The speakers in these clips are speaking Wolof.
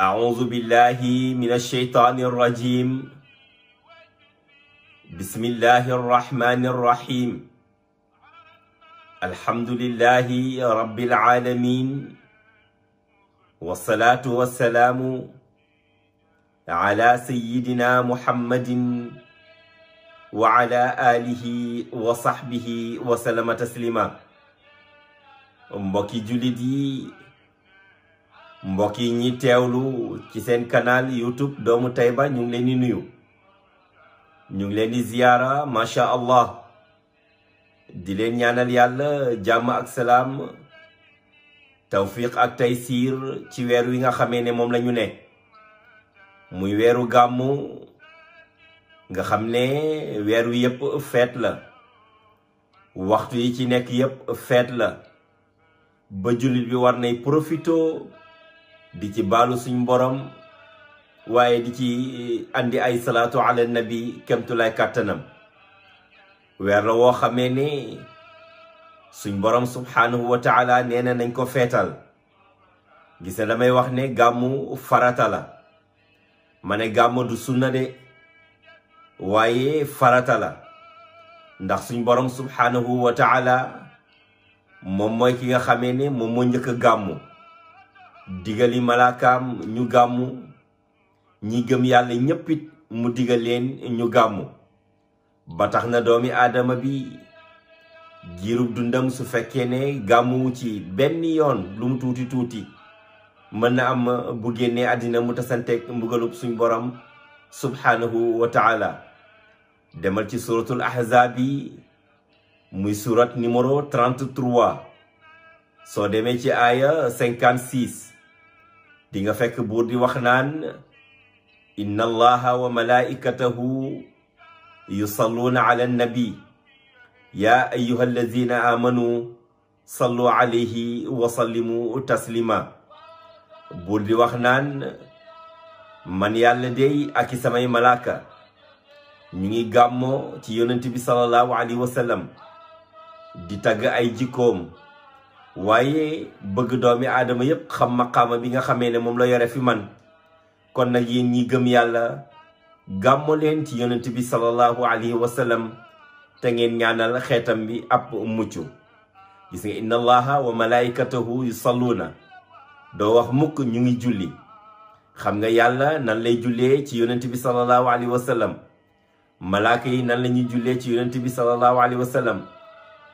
أعوذ بالله من الشيطان الرجيم بسم الله الرحمن الرحيم الحمد لله رب العالمين والصلاة والسلام على سيدنا محمد وعلى آله وصحبه وسلم تسليما مبكي جلدي mbokk yi ñi teewlu ci seen canal youtube doomu tayba ñu ngi leen di nuyu ñu ngi leen di ziyaara macha allah di leen ñaanal yàlla jàmm ak salaam tawfiq ak siir ci weer wi nga xamee ne moom la ñu ne muy weeru gàmmu nga xam ne weer wi yépp feet la waxtu yi ci nekk yépp feet la ba jullit bi war nay profito di ci baalu suñ borom waaye di ci eh, andi ay salaatu ala nabi kemtulaay kàttanam weer la woo xamee ne suñ borom subhaanahu wa taala nee na nañ ko feetal gis na wax ne gàmmu la ma ne gàmmu du sunna de waaye farata la ndax suñ borom subhaanahu wa taala moom mooy ki nga xamee ne moom moo njëkk a gàmmu digali malakam ñu gamu ñi gëm yàlla ñéppit mu digal leen ñu gamu ba tax na doomi adama bi giru dundam su fekke ne gamu ci ben yoon lu mu tuti tuti mën am bu adina mu tassante mbugalup suñ borom subhanahu wa taala demal ci suratul ahzab yi muy surat numero 33 so demé ci aya 56 di nga fekk buur di wax naan inna allaha wa malaikatahu yusalluuna ala annabi yaa ayuha allazina amanu sallu alayhi wa sallimu taslima buur di wax naan man yàlla dey ak i samay malaaka ñu ngi gàmmoo ci yonent bi sallallahu alayhi wa sallam di tagg ay jikkoom waaye bëgg doomi aadama yépp xam maqaama bi nga xamee ne moom la yore fi man kon nag yéen ñi gëm yàlla gàmmo leen ci yonent bi sallallahu alayhi wa te ngeen ñaanal xeetam bi ab mucc gis nga inna allaha wa malaikatahu yusalluuna doo wax mukk ñu ngi julli xam nga yàlla nan lay jullee ci yonent bi sallallahu alayhi wa sallam yi nan la ñuy jullee ci yonent bi sallallahu alayhi wa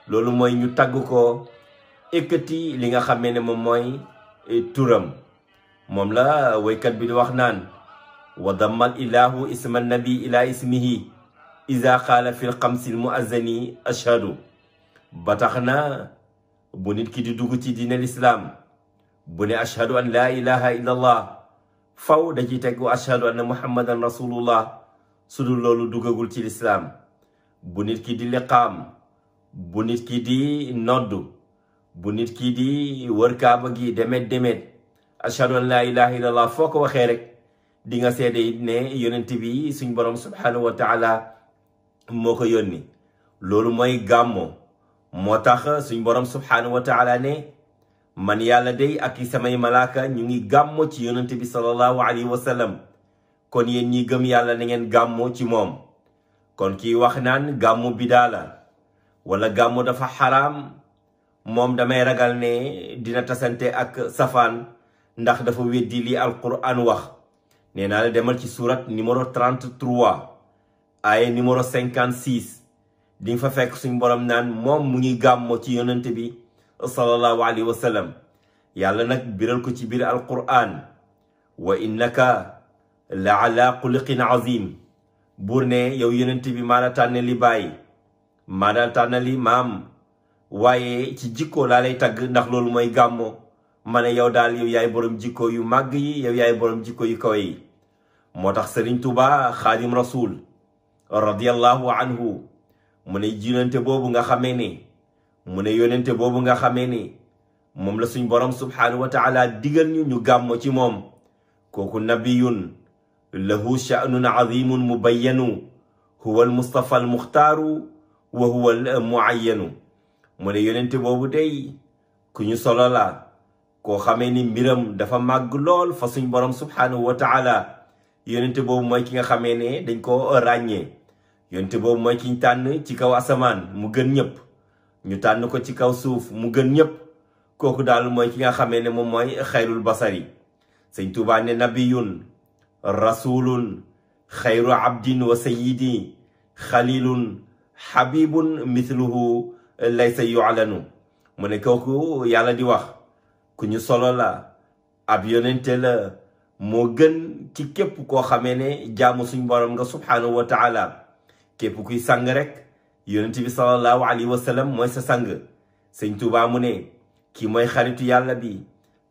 loolu mooy ñu tagg ko ekati li nga xamé ne mom moy turam mom la kat bi di wax nan wa dammal ilahu isma nabi ila ismihi iza qala fil al muazzani ashhadu ba bu nit ki di dugg ci diine lislaam bu ne ashhadu an la ilaha illa allah faw da ci teg ashhadu anna muhammadan rasulullah sudul dul loolu duggagul ci l'islam bu nit ki di liqam bu nit ki di noddu bu nit kii di wër ba gi demet demet ashhadu an laa ilaha illallah foo ko waxee rek di nga seede ne yonent bi suñ borom subhanahu wa taala moo ko yónni loolu mooy gàmmo moo tax suñ borom subhanahu wa taala ne man yàlla day ak i samay malaaka ñu ngi gàmmo ci yonent bi sallallahu alayhi wa sallam kon yéen ñi gëm yàlla na ngeen ci moom kon kii wax naan gàmmo bidaa la wala gàmmo dafa xaraam mom damay ragal ne dina tassante ak safan ndax dafa weddi li alquran wax neena naa la demal ci surat numéro 33 aye numéro 56 ding fa fek suñ borom nan mom mu ngi ci yonent bi sallallahu alayhi wa sallam yàlla nak biral ko ci bir alquran wa innaka la'ala qulqin azim burne yow yonent bi mala tanali baye mala tanali mam maam waye ci jikko la lay tag ndax loolu moy gamo mané yow dal yow yaay borom jikko yu mag yi yow yaay borom jikko yu kaw yi motax serigne touba khadim rasoul radiyallahu anhu mune jinante bobu nga xamé ni mune yonente bobu nga xamé ni mom la suñ borom subhanahu wa taala digal ñu ñu gamo ci mom koku nabiyun lahu sha'nun azimun mubayyanu huwa almustafa almuxtaaru wa huwa almuayyanu mu ne yonente boobu day ku ñu solo la koo xamee ni mbiram dafa màgg lool fa suñ borom subhaanahu wa taala yonente boobu mooy ki nga xamee ne dañ ko ràññee yonente boobu mooy ki ñu tànn ci kaw asamaan mu gën ñëpp ñu tànn ko ci kaw suuf mu gën ñëpp kooku daal mooy ki nga xamee ne moom mooy xayrul basari sëñ Tuubaa ne nabiyun rasulun xayru abdin wa sayyidi xalilun xabibun mithluhu sa yu'lanu mu ne kooku yàlla di wax ku ñu solo la ab yonente la moo gën ci képp koo xamee ne jàmm suñ borom nga subhaanahu wa taala képp kuy sang rek yonente bi sallallahu alayhi wa sallam mooy sa sang sëñ Tuubaa mu ne kii mooy xaritu yàlla bi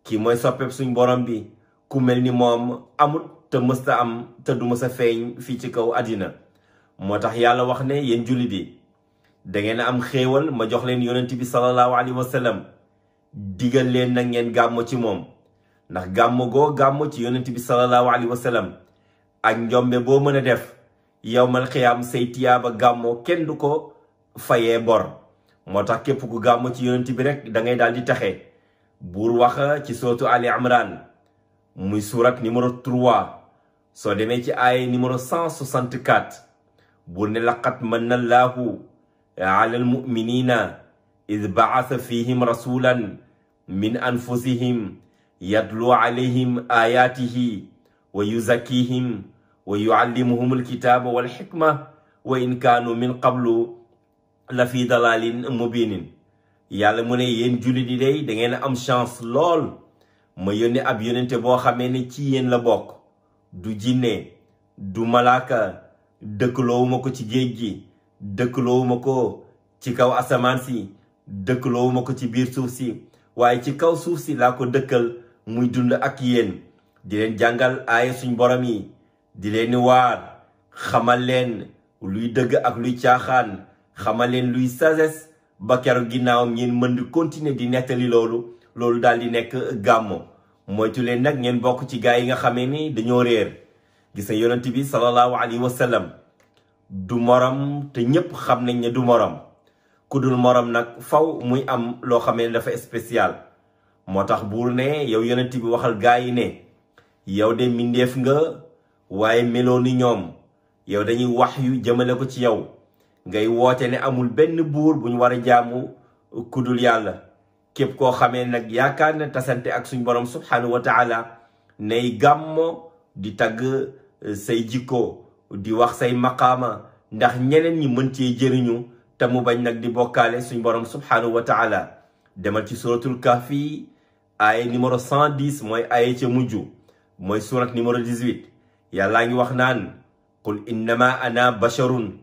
kii mooy soppeeb suñ borom bi ku mel ni moom amut te mësta am te du mësa feeñ fii ci kaw àddina moo tax yàlla wax ne yéen julli bi dangeen a am xéewal ma jox leen yonent bi sallallahu alayhi wa sallam digal leen na ngeen gàmm ci moom ndax gàmm goo gàmm ci yonent bi sallallahu alayhi wa sallam ak njombe boo mën a def yowmal xiyaam say tiyaaba gàmmoo kenn du ko fayee bor moo tax képp ku gàmm ci yonent bi rek da ngay daal di taxe buur wax ci sotu Ali amran muy suurat numéro 3 soo demee ci aaya numéro 164 buur ne laqat mën na laahu ala almuminina id baasa fihim rasulan min anfusihim yatlu alayhim ayatihi wa yuzakkihim wa yuallimuhum alkitaba walxikma wa in kaanu min qablu la fi dalalin mubinin yàlla mu ne yéen jullit yi day da ngeen am chance lool ma yónni ab yónente boo xamee ne ci yéen la bokk du jinne du malaaka dëkkaloowuma ko ci géej gi dëkkaloowuma ko ci kaw asamaan si dëkkaloowuma ko ci biir suuf si waaye ci kaw suuf si laa ko dëkkal muy dund ak yéen di leen jàngal aaya suñ borom yi di leen waar xamal leen luy dëgg ak luy caaxaan xamal leen luy sagesse ba keroog ginnaawam ngeen mën di continuer di nettali loolu loolu daal di nekk gàmmo moytu leen nag ngeen bokk ci gaa yi nga xamee ni dañoo réer gis nga yonent bi sallallahu alayhi wa sallam du morom te ñépp xam nañ ne du morom ku dul morom nag faw muy am loo xamee ne dafa spécial moo tax buur ne yow yonent bi waxal gaa yi ne yow de mbindeef nga waaye meloo ni ñoom yow dañuy wax yu jëmale ko ci yow ngay woote ne amul benn buur bu ñu war a jaamu kuddul yàlla képp koo xamee nag yaakaar ne tasante ak suñ borom subhanahu wa taala nay gàmmo di tagg eh, say jikko di wax say maqaama ndax ñeneen ñi mën cee jëriñu te mu bañ nag di bokkaale suñ borom subhaanahu wa taala demal ci suratul kahfi aaye numéro 110 mooy aaye ca mujj mooy surat numéro 18 yàllaa ngi wax naan qul innama ana basharun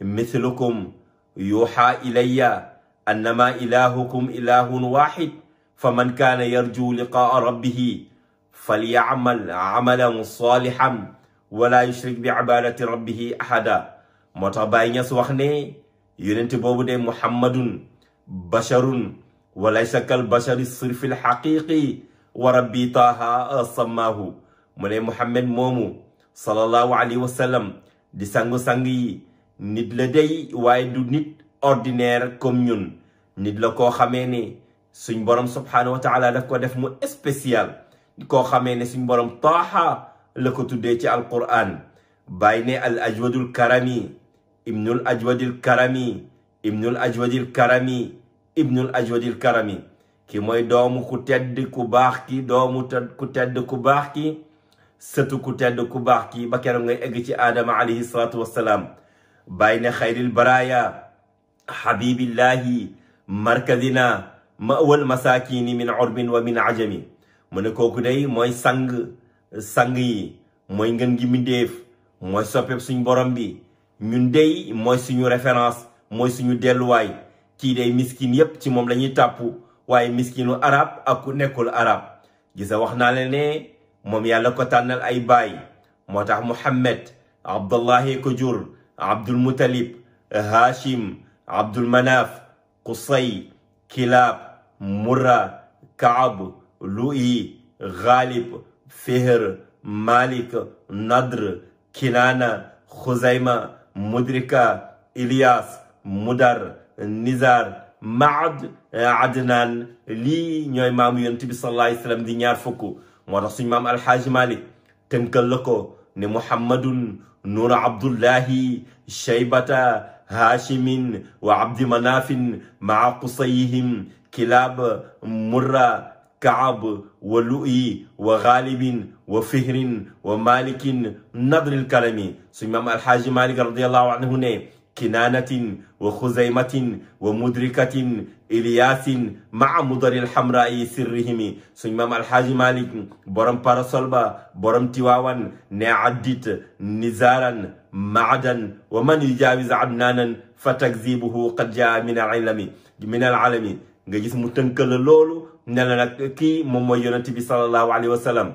mithlukum yuuxaa ilayya annama ilahukum ilahun waxid fa man kaana yarju liqaa rabbihi falyacmal amalan salihan wala yushrik bi ibadati rabbihi ahada moo tax Baay Ñas wax ne yonent boobu de muhammadun basharun walaysa kal bashari sirfi lxaqiqi wa rabbi taaha sammaahu mu ne muhammad moomu sallallahu alayhi wa sallam di sangu-sang yi nit la day waaye du nit ordinaire comme ñun nit la koo xamee ne suñ borom subhaanahu wa taala daf ko def mu spécial koo xamee ne suñ borom taaha la ko tuddee ci alqur'an bayne al ajwadul karami ibnul ajwadul karami ibnul ajwadul karami ibnul ajwadul karami ki moy doomu ku tedd ku bax ki doomu tedd ku tedd ku bax ki sëtu ku tedd ku bax ki ba kero ngay egg ci adam alayhi salatu wassalam bayne ne baraya habibillah markazina mawal masakin min urbin wa min ajami mu ko kooku day moy sang sang yi mooy ngeen gi mbindéef mooy soppeeb suñu borom bi ñun dey mooy suñu référence mooy suñu delluwaay kii dey miskin yépp ci moom lañuy tàpp waaye miskinu arab ak ku nekkul arab gisa wax naa la ne moom yàlla ko tànnal ay baay moo tax muhammad abdullahi ko jur abdul mutalib hashim abdul manaf qusay kilaab murra kaab lu'i ghalib فهر مالك ندر كنانا خزيمة مدركة إلياس مدر نزار معد عدنان لي نيو امام يونتبي صلى الله عليه وسلم دي نيار فوكو مورا سوني الحاج مالك تنكل لكو ني محمد نور عبد الله شيبة هاشم وعبد مناف مع قصيهم كلاب مرة كعب ولؤي وغالب وفهر ومالك نضر الكلام سمام الحاج مالك رضي الله عنه نه كنانة وخزيمة ومدركة إلياس مع مدر الحمراء سرهم سمام الحاج مالك برم بارسولبا برم تواوان نعدت نزارا معدا ومن يجاوز عدنانا فتكذيبه قد جاء من العلم من العالم nga gis mu tënkal loolu nena nak ki mom moy mooy bi sallallahu alayhi wa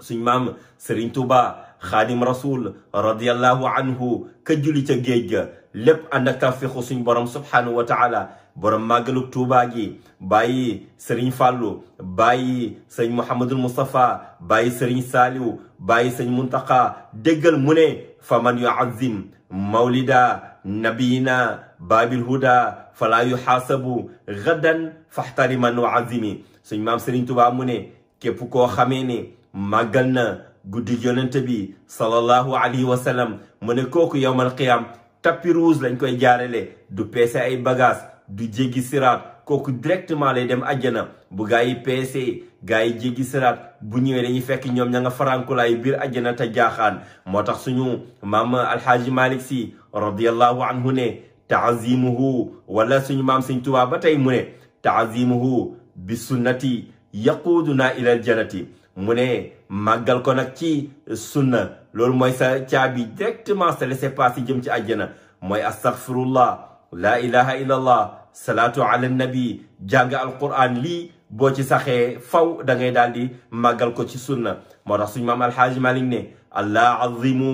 suñ mam Serigne Touba khadim rasul radiallahu anhu ke julli ca géej ga lépp ànd ak tawfiixu suñ borom subhanahu wa taala borom magaluk Touba gi bàyyi Serigne Fallou bàyyi serigne Mouhamadul mustafa bàyyi Serigne Saliou bàyyi serigne muntaka déggal mune faman yu'azzim mawlida nabiyina باب الهدى فلا يحاسب غدا فاحترما وعزمي suñ maam Serigne Touba mu ne képp koo xamee ne màggal na guddi yonent bi sallallahu alayhi wa sallam mu ne kooku yowmal qiyam tapis rouge lañ koy jaarale du peese ay bagage du jéggi siraat kooku directement lay dem àjjana bu gaa yi peese gaa yi jéggi siraat bu ñëwee dañuy fekk ñoom ña nga farankulaayu biir àjjana te jaaxaan moo tax suñu maam alxaaji Malick si radiallahu anhu ne taazimuhu wala suñu maam sëñ Tuubaa ba tey mu ne taazimuhu bi sunnati yaquuduna ilal jannati mu ko nag ci sunna loolu mooy sa caabi directement sa laisser passer jëm ci àjjana mooy astaghfirullah la ilaha illallah salatu ala nabi jàng alquran lii boo ci saxee faw da ngay daal di màggal ko ci sunna moo tax suñu maam alxaaji Malik ne allah azimu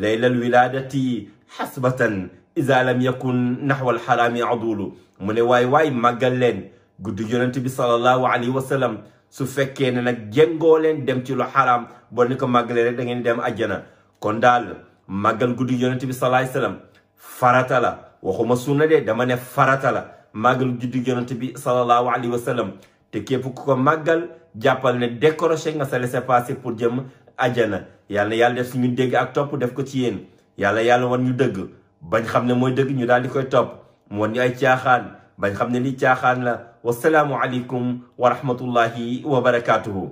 layla alwiladati hasbatan iza lam yakun naxwal xaraami adulu mu ne waay waay màggal leen guddi yonent bi sallallahu alayhi wa sallam su fekkee ne nag jengoo leen dem ci lu xaraam boo ni ko màggalee rek da ngeen dem ajjana kon daal màggal guddi yonent bi sallallahu alayhi wa sallam farata la waxuma sunna de dama ne farata la màggal guddi yonent bi sallallahu alayhi wa sallam te képp ku ko màggal jàppal ne décroché nga sa laissez-passer pour jëm ajjana yàlla yàlla def suñu dégg ak topp def ko ci yéen yàlla yàlla wan ñu dëgg bañ xam ne mooy dëgg ñu daal di koy topp mu wan ñu ay caaxaan bañ xam ne li caaxaan la wasalaamu aleykum wa rahmatullahi wa barakaatuhu